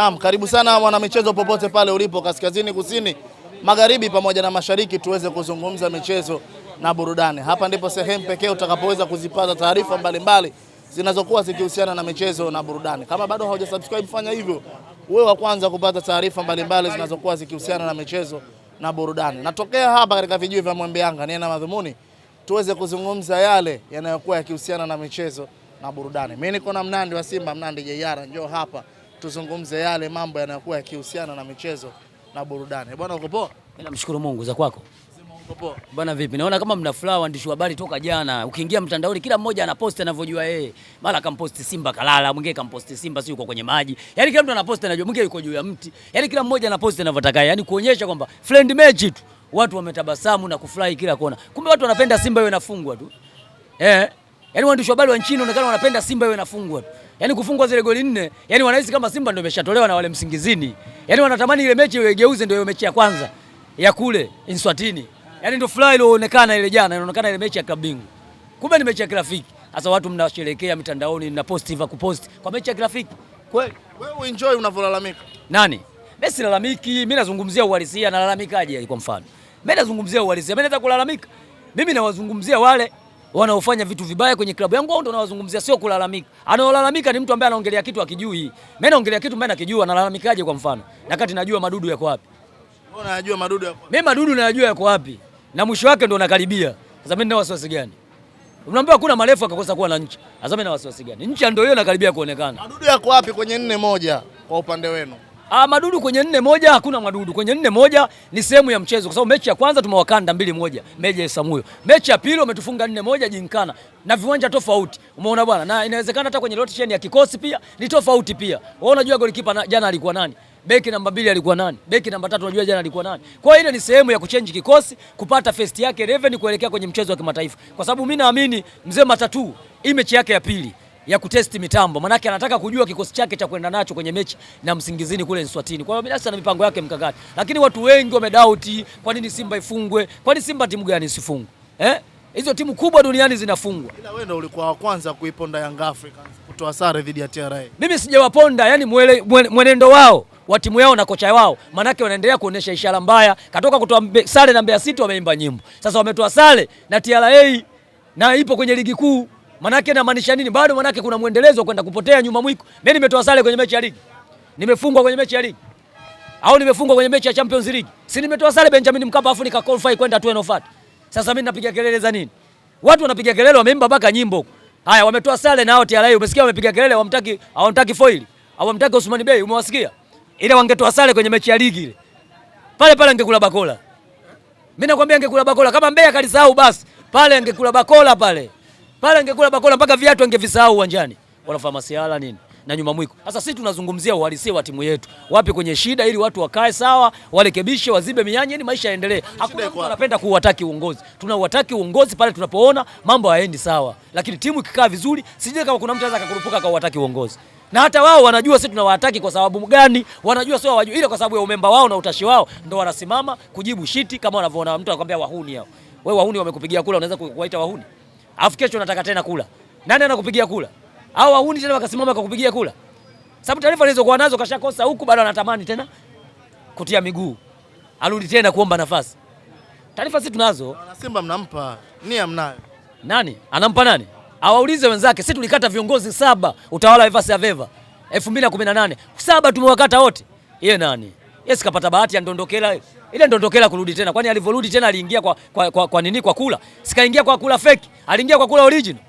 Naam, karibu sana mwanamichezo, popote pale ulipo, kaskazini, kusini, magharibi pamoja na mashariki, tuweze kuzungumza michezo na burudani. Hapa ndipo sehemu pekee utakapoweza kuzipata taarifa mbalimbali zinazokuwa zikihusiana na michezo na burudani. Kama bado hauja subscribe, fanya hivyo uwe wa kwanza kupata taarifa mbalimbali zinazokuwa zikihusiana na michezo na burudani. Natokea hapa katika vijiji vya Mwembe Yanga, nina madhumuni tuweze kuzungumza yale yanayokuwa yakihusiana na michezo na burudani. Mimi niko na Mnandi wa Simba, Mnandi Jeyara, njoo hapa tuzungumze yale mambo yanayokuwa yakihusiana na michezo na burudani. Bwana uko poa? Mimi namshukuru Mungu, za kwako? Bwana vipi? Naona kama mna furaha waandishi wa habari toka jana. Ukiingia mtandaoni kila mmoja anaposti anavyojua yeye. Mara kamposti Simba kalala, mwingine kamposti Simba si yuko kwenye maji. Yaani kila mtu anaposti anajua mwingine yuko juu ya mti. Yaani kila mmoja anaposti anavyotaka. Yaani kuonyesha kwamba friend match tu. Watu wametabasamu na kufurahi kila kona. Kumbe watu wanapenda Simba iwe inafungwa tu. Eh? Yaani waandishi wa habari wa nchini wanaonekana wanapenda Simba iwe inafungwa tu. Yaani kufungwa zile goli nne, yani wanahisi kama Simba ndio imeshatolewa na wale msingizini, Yaani wanatamani ile mechi igeuze ndio ile mechi ya kwanza ya kule Inswatini, Yaani ndio furaha ilionekana ile jana, inaonekana ile mechi ya kabingu, kumbe ni mechi ya kirafiki. Sasa watu mnasherehekea mitandaoni na post hivi kupost kwa mechi ya kirafiki kweli. Wewe enjoy unavolalamika. nani? Mimi silalamiki, mimi nazungumzia uhalisia. na lalamikaje Kwa mfano mimi nazungumzia uhalisia, mimi naweza kulalamika, mimi nawazungumzia wale wanaofanya vitu vibaya kwenye klabu yangu au ndo nawazungumzia, sio kulalamika. Anaolalamika ni mtu ambaye anaongelea kitu akijui. Mimi naongelea kitu ambaye nakijua, nalalamikaje? Kwa mfano, nakati najua madudu yako wapi. Mbona najua madudu yako? Mimi madudu najua yako wapi, na mwisho wake ndo nakaribia. Sasa mimi nina wasiwasi gani? Unaambiwa kuna marefu akakosa kuwa na ncha. Sasa mimi nina wasiwasi gani? Ncha ndio hiyo nakaribia kuonekana. Madudu yako wapi kwenye nne moja kwa upande wenu? Ah, madudu kwenye nne moja hakuna madudu. Kwenye nne moja ni sehemu ya mchezo kwa sababu mechi ya kwanza tumewakanda mbili moja, Meja Samuyo. Mechi ya pili umetufunga nne moja Jinkana na viwanja tofauti. Umeona bwana? Na inawezekana hata kwenye rotation ya kikosi pia ni tofauti pia. Wewe unajua golikipa na, jana alikuwa nani? Beki namba mbili alikuwa nani? Beki namba tatu unajua jana alikuwa nani? Kwa hiyo ile ni sehemu ya kuchange kikosi, kupata first yake Raven kuelekea kwenye mchezo wa kimataifa. Kwa sababu mimi naamini mzee Matatu hii mechi yake ya pili ya kutesti mitambo, manake anataka kujua kikosi chake cha kwenda nacho kwenye mechi na Msingizini kule Nswatini. Kwa hiyo binafsi ana mipango yake mkakati, lakini watu wengi wamedauti, kwa nini Simba ifungwe? Kwani Simba timu gani isifungwe eh? Hizo timu kubwa duniani zinafungwa. Ila wewe ndio ulikuwa wa kwanza kuiponda Young Africans kutoa sare dhidi ya TRA. Mimi sijawaponda, yani mwele, mwele, mwenendo wao wa timu yao na kocha wao, manake wanaendelea kuonesha ishara mbaya. Katoka kutoa sare na Mbeya City wameimba nyimbo, sasa wametoa sare na TRA na ipo kwenye ligi kuu. Manake namaanisha nini? Bado manake kuna mwendelezo kwenda kupotea nyuma mwiko. Mimi nimetoa sare kwenye mechi ya ligi, nimefungwa kwenye mechi ya ligi au nimefungwa kwenye mechi ya Champions League, si nimetoa sare Benjamin Mkapa afu nika qualify kwenda hatua oh inayofuata. Sasa mimi napiga kelele za nini? Watu wanapiga kelele, wameimba mpaka nyimbo. Haya, wametoa sare na hao TRA, umesikia? Wamepiga kelele, hawamtaki hawamtaki foil, hawamtaki Osman Bey, umewasikia? Ile wangetoa sare kwenye mechi ya ligi ile pale pale, angekula bakola. Mimi nakwambia, angekula bakola kama Mbeya kalisahau basi, pale angekula bakola pale. Pale angekula bakola mpaka viatu angevisahau uwanjani. Wanafanya masiala nini? Na nyuma mwiko. Sasa sisi tunazungumzia uhalisia wa timu yetu. Wapi kwenye shida ili watu wakae sawa, warekebishe, wazibe mianya ili maisha yaendelee. Hakuna mtu anapenda kuwataki uongozi. Tunawataki uongozi pale tunapoona mambo hayaendi sawa. Lakini timu ikikaa vizuri, sije kama kuna mtu anaweza akakurupuka kauwataki uongozi. Na hata wao wanajua sisi tunawataki kwa sababu gani? Wanajua sio wajua, ile kwa sababu ya umemba wao na utashi wao ndio wanasimama kujibu shiti kama wanavyoona mtu anakuambia wahuni hao. Wewe wahuni wamekupigia kula unaweza kuwaita wahuni? afu kesho nataka tena kula, nani anakupigia kula? Au hauni tena wakasimama wakakupigia kula, sababu taarifa alizokuwa nazo kashakosa huku, bado anatamani tena kutia miguu, arudi tena kuomba nafasi. Taarifa sisi tunazo. Simba mnampa nia mnayo. nani anampa nani? Awaulize wenzake. Sisi tulikata viongozi saba utawala wa Evasi Aveva 2018 saba tumewakata wote, yeye nani? Yeye kapata bahati ya ndondokela ile ndo ndokela kurudi tena, kwani alivyorudi tena aliingia kwa, kwa, kwa, kwa nini kwa kula sikaingia kwa kula fake, aliingia kwa kula original.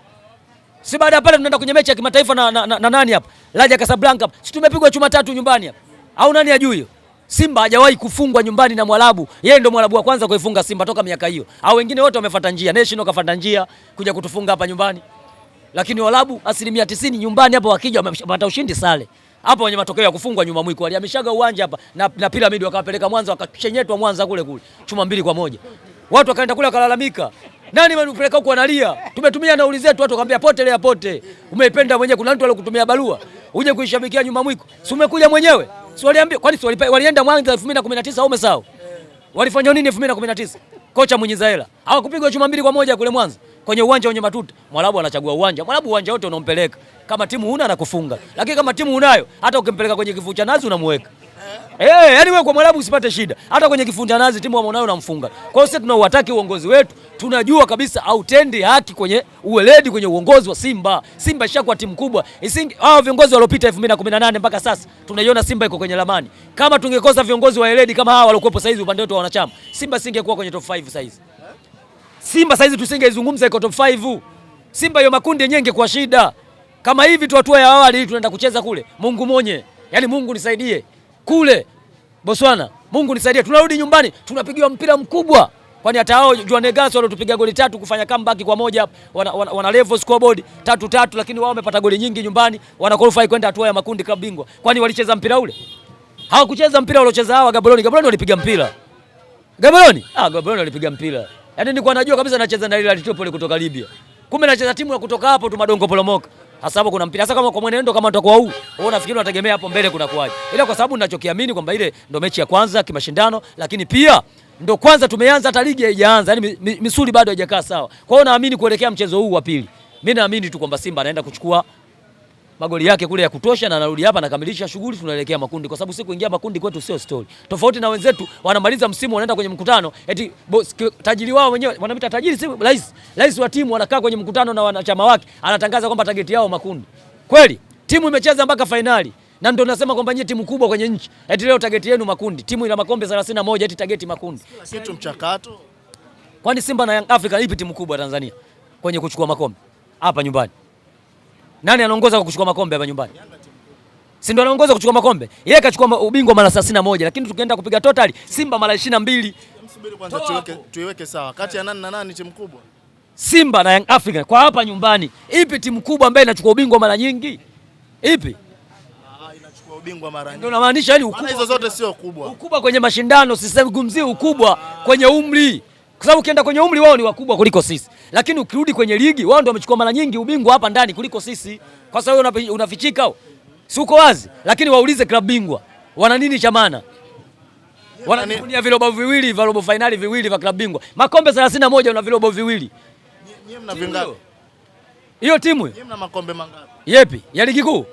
Si baada ya pale tunaenda kwenye mechi ya kimataifa na, na, na, na nani hapa Raja Casablanca, si tumepigwa chuma tatu nyumbani hapa, au nani ajui hiyo? Simba hajawahi kufungwa nyumbani na Mwarabu. Yeye ndio Mwarabu wa kwanza kuifunga Simba toka miaka hiyo, au wengine wote wamefuata njia, National kafuata njia kuja kutufunga hapa nyumbani, lakini Waarabu asilimia tisini nyumbani hapa wakija wamepata ushindi sale hapa wenye matokeo ya kufungwa nyuma mwiko walihamishaga uwanja hapa na, na piramidi wakawapeleka Mwanza wakachenyetwa Mwanza kule kule chuma mbili kwa moja. Watu wakaenda kule wakalalamika, nani manipeleka huko analia, tumetumia nauli zetu. Watu wakaambia pote lea pote, umeipenda mwenyewe. Kuna mtu aliyokutumia barua uje kuishabikia nyuma mwiko, si umekuja mwenyewe? Si waliambia kwani si walienda Mwanza 2019 au umesahau walifanya nini 2019? Kocha mwenye hela hawakupigwa chuma mbili kwa moja kule Mwanza kwenye uwanja wenye matuta, Mwarabu anachagua uwanja. Mwarabu uwanja wote unampeleka, kama timu huna anakufunga, lakini kama timu unayo, hata ukimpeleka kwenye kifuu cha nazi unamweka. Eh, hey, eh, yaani wewe kwa Mwarabu usipate shida. Hata kwenye kifunja nazi timu wa mwanayo unamfunga. Kwa hiyo sisi tunauhataki uongozi wetu. Tunajua kabisa hautendi haki kwenye uweledi kwenye uongozi wa Simba. Simba ishakuwa timu kubwa. Isingi hao viongozi waliopita 2018 mpaka sasa tunaiona Simba iko kwenye lamani. Kama tungekosa viongozi wa weledi kama hawa waliokuwepo sasa hivi upande wetu wa wanachama, Simba singekuwa kwenye top 5 sasa Simba saizi tusingeizungumza iko top 5. Simba hiyo makundi yenyewe ingekuwa shida. Kama hivi tu hatua ya awali hii tunaenda kucheza kule. Mungu monye. Yaani Mungu nisaidie. Kule Botswana, Mungu nisaidie. Tunarudi nyumbani, tunapigiwa mpira mkubwa. Kwani hata hao Juan Negas waliotupiga goli tatu kufanya comeback kwa moja wana, wana, wana level scoreboard tatu tatu, lakini wao wamepata goli nyingi nyumbani, wana qualify kwenda hatua ya makundi klabu bingwa. Kwani walicheza mpira ule? Hawakucheza mpira waliocheza hawa Gaborone. Gaborone walipiga mpira. Gaborone? Ah, Gaborone walipiga mpira. Yaani nilikuwa najua kabisa anacheza na Real Tripoli kutoka Libya. Kumbe anacheza timu ya kutoka hapo tu madongo polomoka. Hasa hapo kuna mpira. Sasa kama kwa mwenendo kama utakuwa huu, wewe unafikiri unategemea hapo mbele kuna kuaje? Ila kwa sababu ninachokiamini kwamba ile ndo mechi ya kwanza kimashindano, lakini pia ndo kwanza tumeanza hata ligi haijaanza, yaani misuli bado haijakaa sawa. Kwa hiyo naamini kuelekea mchezo huu wa pili. Mimi naamini tu kwamba Simba anaenda kuchukua magoli yake kule ya kutosha, na anarudi hapa anakamilisha shughuli, tunaelekea makundi, kwa sababu si kuingia makundi kwetu sio story. Tofauti na wenzetu wanamaliza msimu wanaenda kwenye mkutano eti boss, tajiri wao wenyewe wanamita tajiri, si rais, rais wa timu anakaa kwenye mkutano na wanachama wake anatangaza kwamba target yao makundi. Kweli timu imecheza mpaka fainali na ndio nasema kwamba nyinyi timu kubwa kwenye nchi, eti leo target yenu makundi. Timu ina makombe 31 eti target makundi, kitu mchakato. Kwani Simba na Young Africa ipi timu kubwa Tanzania kwenye kuchukua makombe hapa nyumbani? Nani anaongoza kwa kuchukua makombe hapa nyumbani? Si ndio anaongoza kuchukua makombe? Yeye kachukua ubingwa mara moja lakini tukienda kupiga total Simba mara 22. Msubiri kwanza tuweke tuiweke sawa. Kati ya nani na nani timu kubwa? Simba na Young Africa kwa hapa nyumbani. Ipi timu kubwa ambayo inachukua ubingwa mara nyingi? Ipi? Ah, inachukua ubingwa mara nyingi. Ndio namaanisha yani ukubwa. Hizo zote sio kubwa. Ukubwa kwenye mashindano, sisemi gumzi ukubwa kwenye umri kwa sababu ukienda kwenye umri wao ni wakubwa kuliko sisi, lakini ukirudi kwenye ligi wao ndio wamechukua mara nyingi ubingwa hapa ndani kuliko sisi. Kwa sababu wewe unafichika, si uko wazi? Lakini waulize klabu bingwa wana nini cha maana? Wanatumia yaani vilobo viwili vya robo finali viwili vya klabu bingwa, makombe 31 una vilobo viwili. Nyie mna vingapi? Hiyo timu nyie mna makombe mangapi? Yepi? Ya ligi kuu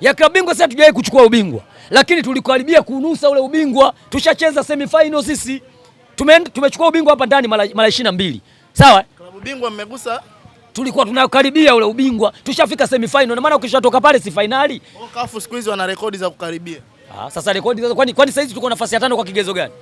ya klabu bingwa sasa, tujawahi kuchukua ubingwa, lakini tulikaribia kunusa ule ubingwa. Tushacheza semi final sisi tumeenda tumechukua ubingwa hapa ndani mara ishirini na mbili sawa. Klabu bingwa mmegusa, tulikuwa tunakaribia ule ubingwa, tushafika semifinal. Na maana ukishatoka pale si finali. Oh, kafu siku hizi wana rekodi za kukaribia. Ah, sasa rekodi sasa, kwani kwani sasa hizi tuko nafasi ya tano kwa kigezo gani?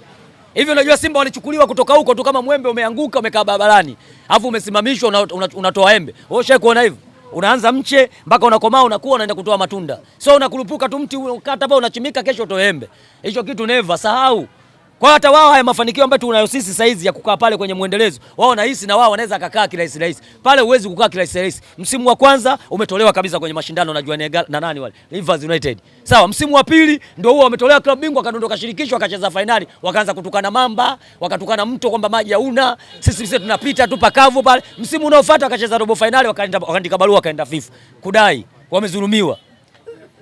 Hivi unajua Simba walichukuliwa kutoka huko tu kama mwembe umeanguka umekaa barabarani. Alafu umesimamishwa unatoa una, una, una embe. Wewe ushawahi kuona hivyo? Unaanza mche mpaka unakomaa unakuwa unaenda kutoa matunda. Sio unakurupuka tu mti ukata hapo unachimika kesho utoe embe. Hicho kitu never sahau. Kwa hata wao haya mafanikio ambayo tunayo sisi sasa hizi ya kukaa pale kwenye mwendelezo, wao nahisi na wao wanaweza kukaa kirahisi rahisi. Pale huwezi kukaa kirahisi rahisi. Msimu wa kwanza umetolewa kabisa kwenye mashindano na Juan na nani wale? Rivers United. Sawa, msimu wa pili ndio huo umetolewa klabu bingwa kadondoka shirikisho akacheza finali, wakaanza kutukana mamba, wakatukana mto kwamba maji hauna. Sisi sisi tunapita tu pakavu pale. Msimu unaofuata akacheza robo finali wakaenda wakaandika barua wakaenda FIFA kudai wamezulumiwa.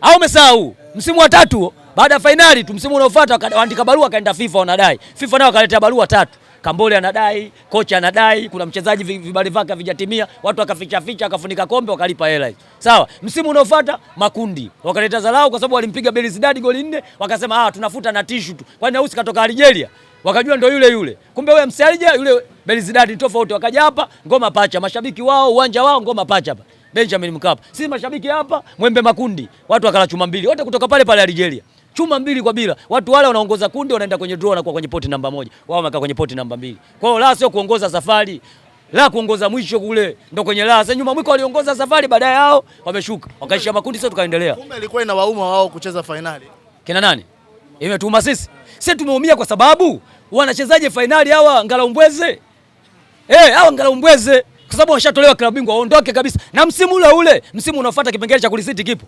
Au umesahau msimu wa tatu baada ya fainali tu msimu unaofuata wakaandika barua kaenda FIFA wanadai. FIFA nao akaletea barua tatu. Kambole anadai, kocha anadai, kuna mchezaji vibali vyake vijatimia, watu wakaficha ficha, wakafunika kombe, wakalipa hela hizo. Sawa, msimu unaofuata makundi. Wakaleta dharau kwa sababu walimpiga Belouizdad goli nne, wakasema ah, tunafuta na tishu tu. Kwani Ausi katoka Algeria? Wakajua ndio yule yule. Kumbe wewe msialija yule Belouizdad tofauti, wakaja hapa ngoma pacha. Mashabiki wao, uwanja wao ngoma pacha hapa. Benjamin Mkapa. Si mashabiki hapa, mwembe makundi. Watu wakala chuma mbili. Wote kutoka pale pale Algeria chuma mbili kwa bila. Watu wale wanaongoza kundi wanaenda kwenye draw na kwa kwenye poti namba moja. Wao wamekaa kwenye poti namba mbili. Kwa hiyo la sio kuongoza safari, la kuongoza mwisho kule ndo kwenye la. Sasa nyuma mwiko waliongoza safari baadaye hao wameshuka. Wakaisha makundi sio tukaendelea. Kumbe ilikuwa inawauma wao kucheza finali. Kina nani? Imetuma sisi. Sisi tumeumia kwa sababu wanachezaje finali hawa Ngalau Mbweze? Eh, hawa Ngalau Mbweze kwa sababu washatolewa klabu bingwa waondoke kabisa. Na msimu ule ule, msimu unaofuata kipengele cha kulisiti kipo.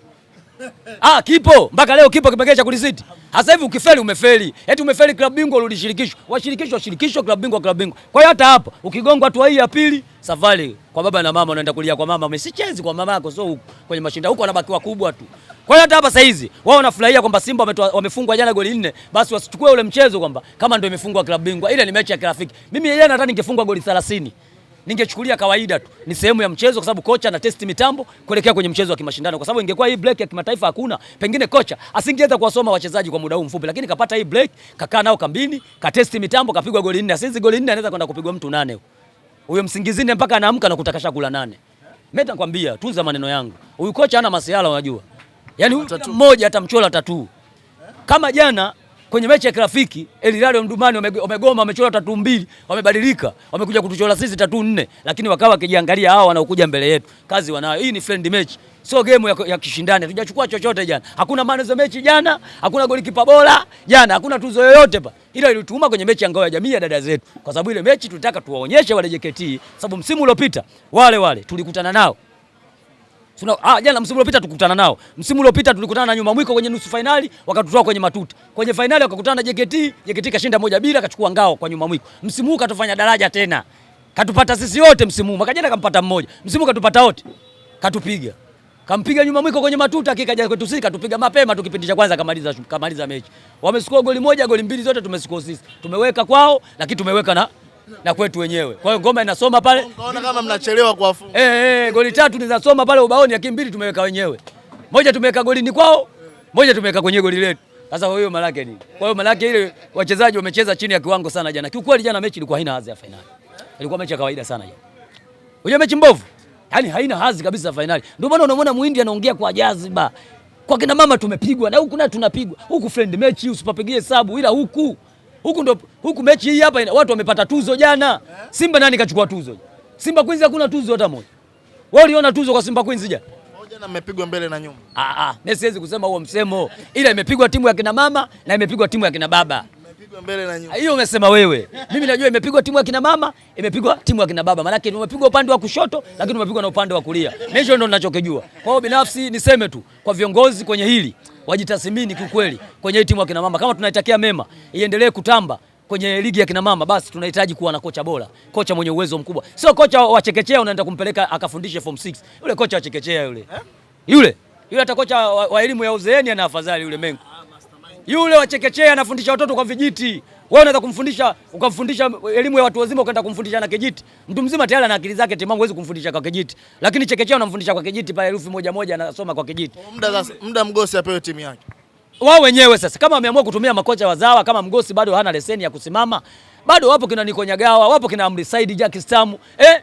Ah, kipo mpaka leo kipo kipekee cha kulisiti. Sasa hivi ukifeli umefeli. Eti umefeli klabu bingwa ulishirikishwa. shirikisho. Washirikisho washirikisho klabu bingwa klabu bingwa. Kwa hiyo hata hapo ukigongwa tu hii ya pili, safari kwa baba na mama unaenda kulia kwa mama. Umesichezi kwa mama yako sio huko kwenye mashindano huko anabaki wakubwa tu. Kwa hiyo hata hapa sasa hizi wao wanafurahia kwamba Simba wamefungwa jana goli nne, basi wasichukue ule mchezo kwamba kama ndio imefungwa klabu bingwa. Ile ni mechi ya kirafiki. Mimi yeye hata ningefungwa goli 30 ningechukulia kawaida tu, ni sehemu ya mchezo, kwa sababu kocha ana test mitambo kuelekea kwenye mchezo wa kimashindano. Kwa sababu ingekuwa hii break ya kimataifa hakuna, pengine kocha asingeweza kuwasoma wachezaji kwa muda huu mfupi, lakini kapata hii break, kakaa nao kambini, ka test mitambo, kapigwa goli nne. Asizi goli nne anaweza kwenda kupigwa mtu nane, huyo msingizini mpaka anaamka na kutakasha kula nane. Mimi nakwambia, tunza maneno yangu, huyu kocha ana masiala, unajua yani mmoja atamchola tatu kama jana kwenye mechi ya kirafiki El Hilal Mdumani wamegoma, wamechora tatu mbili, wamebadilika, wamekuja kutuchora sisi tatu nne, lakini wakawa wakijiangalia hao wanaokuja mbele yetu, kazi wanayo. Hii ni friend match, sio game ya, ya kishindani. Hatujachukua chochote jana, hakuna maana za mechi jana, hakuna golikipa bora jana, hakuna tuzo yoyote pa, ila ilituma kwenye mechi ya ngao ya jamii ya dada zetu, kwa sababu ile mechi tulitaka tuwaonyeshe wale JKT, sababu msimu uliopita wale wale tulikutana nao Suna, ah, jana msimu uliopita tukutana nao. Msimu uliopita tulikutana na nyuma mwiko kwenye nusu finali, wakatutoa kwenye matuta. Kwenye finali wakakutana na JKT, JKT kashinda moja bila akachukua ngao kwa nyuma mwiko. Msimu huu katufanya daraja tena. Katupata sisi wote msimu huu. Makajana kampata mmoja. Msimu katupata wote. Katupiga. Kampiga nyuma mwiko kwenye matuta akikaja kwetu sisi katupiga mapema tu kipindi cha kwanza kamaliza kamaliza mechi. Wamesikoa goli moja, goli mbili zote tumeskoa sisi. Tumeweka kwao lakini tumeweka na na kwetu wenyewe. Kwa hiyo ngoma inasoma pale. Unaona kama mnachelewa kuwafunga. Eh, eh, eh goli tatu zinasoma pale ubaoni, lakini mbili tumeweka wenyewe. Moja tumeweka golini kwao, moja tumeweka kwenye goli letu. Sasa kwa hiyo malaki ni Kwa hiyo malaki ile wachezaji wamecheza chini ya kiwango sana jana. Kiukweli jana mechi ilikuwa haina hadhi ya fainali. Ilikuwa mechi ya kawaida sana jana. Unajua mechi mbovu? Yaani haina hadhi kabisa fainali. Ndio maana unamwona Muhindi anaongea kwa jaziba. Kwa kina mama tumepigwa na huku na tunapigwa. Huku friend mechi usipapigie hesabu ila huku huku ndo huku mechi hii hapa watu wamepata tuzo jana. Simba nani kachukua tuzo? Simba Queens hakuna tuzo hata moja. Wao uliona tuzo kwa Simba Queens Moja na mmepigwa mbele na nyuma. Ah ah, mimi siwezi kusema huo msemo, ila imepigwa timu ya kina mama na imepigwa timu ya kina baba imepigwa mbele na nyuma. hiyo umesema wewe. Mimi najua imepigwa timu ya kina mama, imepigwa timu ya kina baba, Maana yake umepigwa upande wa kushoto, lakini umepigwa na upande wa kulia. Mimi Hicho ndio ninachokijua. Kwa hiyo binafsi niseme tu kwa viongozi kwenye hili wajitathmini kiukweli, kwenye hii timu ya kina mama, kama tunaitakia mema iendelee kutamba kwenye ligi ya kina mama basi tunahitaji kuwa na kocha bora, kocha mwenye uwezo mkubwa, sio kocha wa chekechea unaenda kumpeleka akafundishe form 6. Yule kocha wa chekechea yule, eh? yule yule, hata kocha wa elimu ya uzeeni ana afadhali yule Mengu. Yule wa chekechea anafundisha watoto kwa vijiti. Wewe unaweza kumfundisha ukamfundisha elimu ya watu wazima ukaenda kumfundisha na kijiti. Mtu mzima tayari ana akili zake timamu, huwezi kumfundisha kwa kijiti. Lakini chekechea unamfundisha kwa kijiti pale herufi moja moja anasoma kwa kijiti. Muda muda mgosi apewe timu yake. Wao wenyewe sasa kama wameamua kutumia makocha wazawa kama mgosi bado hana leseni ya kusimama, bado wapo kina Nikonyagawa, wapo kina Amri Said, Jack Stamu. Eh?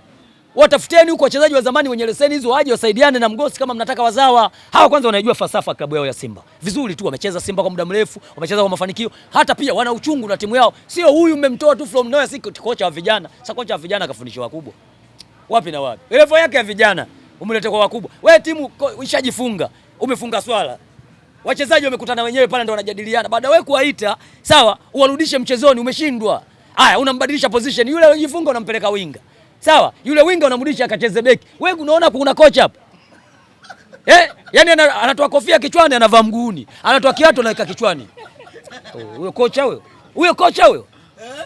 watafuteni huko wachezaji wa zamani wenye leseni hizo waje wasaidiane na Mgosi kama mnataka wazawa. Hawa kwanza wanajua falsafa klabu yao ya Simba vizuri tu, wamecheza Simba kwa muda mrefu, wamecheza kwa mafanikio, hata pia wana uchungu na timu yao. Sio huyu mmemtoa tu from nowhere, si kocha wa vijana. Sasa kocha wa vijana kafundisha wakubwa wapi na wapi, level yake ya vijana umlete kwa wakubwa. Wewe timu ishajifunga, umefunga swala wachezaji wamekutana wenyewe pale, ndio wanajadiliana. Baada wewe kuwaita sawa, uwarudishe mchezoni, umeshindwa. Haya, unambadilisha position, yule aliyojifunga unampeleka winga sawa, yule winga unamrudisha akacheze beki. Wewe unaona kuna kocha hapa eh? Yani anatoa kofia kichwani anavaa mguuni, anatoa kiatu anaweka kichwani. Oh, huyo kocha huyo, huyo kocha huyo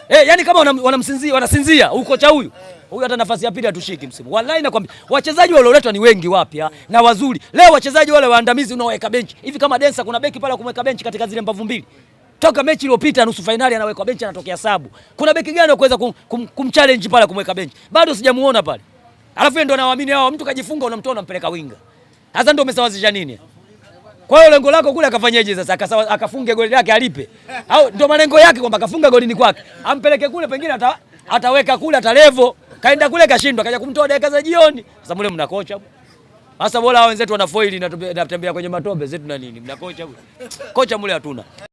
eh, eh yani kama wanamsinzia, wanasinzia huyo kocha huyu huyu hata nafasi ya pili hatushiki msimu. Wallahi nakwambia, wachezaji walioletwa ni wengi wapya na wazuri. Leo wachezaji wale waandamizi unaoweka benchi hivi, kama Densa kuna beki pale kumweka benchi katika zile mbavu mbili toka mechi iliyopita nusu fainali anawekwa benchi anatokea sabu. Kuna beki gani kuweza kumchallenge pale kumweka benchi? Bado sijamuona pale. Alafu yeye ndo anawaamini hao, mtu kajifunga unamtoa unampeleka winga. Sasa ndio umesawazisha nini? Kwa hiyo lengo lako kule akafanyaje sasa? Akasawa akafunge goli lake alipe. Au ndio malengo yake kwamba akafunga goli ni kwake. Ampeleke kule pengine ata, ataweka kule atalevo. Kaenda kule kashindwa, kaja kumtoa dakika za jioni. Sasa mule mna kocha. Sasa bora wenzetu wana wanafoili na natembea kwenye matope zetu na nini? Mna kocha. Kocha mule hatuna.